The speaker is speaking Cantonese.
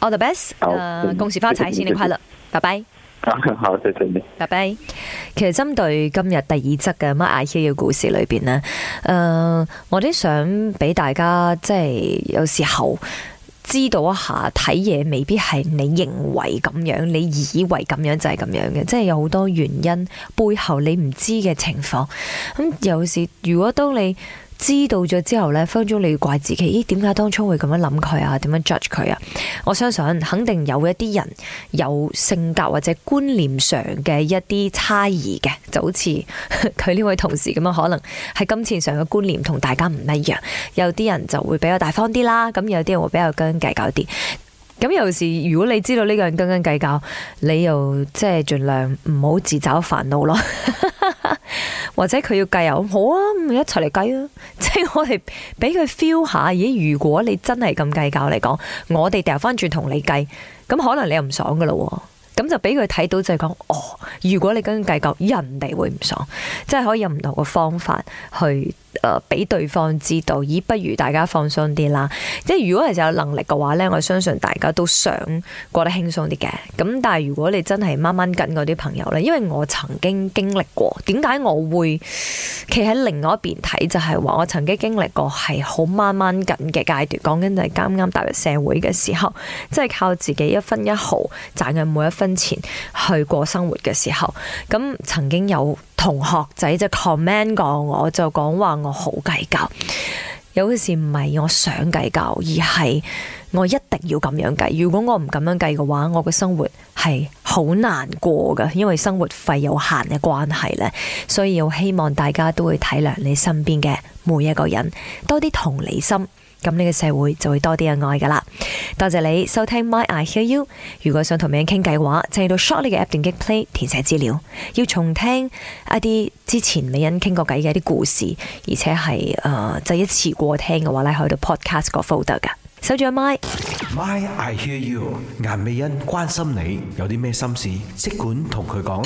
All the best！誒、uh, okay，恭喜發財，新年快樂，拜、okay. 拜。好，拜拜。其實針對今日第二則嘅乜阿 K 嘅故事裏邊呢，誒、呃，我都想俾大家即係有時候知道一下，睇嘢未必係你認為咁樣，你以為咁樣就係咁樣嘅，即係有好多原因背後你唔知嘅情況。咁有時如果當你知道咗之後呢，分鐘你要怪自己，咦？點解當初會咁樣諗佢啊？點樣 judge 佢啊？我相信肯定有一啲人有性格或者觀念上嘅一啲差異嘅，就好似佢呢位同事咁樣，可能喺金錢上嘅觀念同大家唔一樣。有啲人就會比較大方啲啦，咁有啲人會比較斤斤計較啲。咁有時如果你知道呢個人斤斤計較，你又即係盡量唔好自找煩惱咯。 或者佢要計啊，好啊，一齊嚟計啊，即係我哋俾佢 feel 下。咦，如果你真係咁計較嚟講，我哋掉翻轉同你計，咁可能你又唔爽噶啦。咁就俾佢睇到就係、是、講哦，如果你咁樣計較，人哋會唔爽，即係可以有唔同嘅方法去。誒，俾對方知道，咦，不如大家放鬆啲啦。即係如果係有能力嘅話咧，我相信大家都想過得輕鬆啲嘅。咁但係如果你真係掹掹緊嗰啲朋友呢？因為我曾經經歷過，點解我會企喺另外一邊睇？就係話我曾經經歷過係好掹掹緊嘅階段，講緊就係啱啱踏入社會嘅時候，即係靠自己一分一毫賺嘅每一分錢去過生活嘅時候，咁曾經有。同學仔就 comment 過我，就講話我好計較。有時唔係我想計較，而係我一定要咁樣計。如果我唔咁樣計嘅話，我嘅生活係好難過噶，因為生活費有限嘅關係呢，所以我希望大家都會體諒你身邊嘅每一個人，多啲同理心。咁呢個社會就會多啲嘅愛噶啦，多謝你收聽。My I Hear You，如果想同美欣傾偈嘅話，就去到 short y 嘅 app 點擊 play 填寫資料，要重聽一啲之前美欣傾過偈嘅一啲故事，而且係誒、呃、就一次過聽嘅話咧，可以到 podcast 個 folder 噶。收住 m y My I Hear You，顏美欣關心你有啲咩心事，即管同佢講。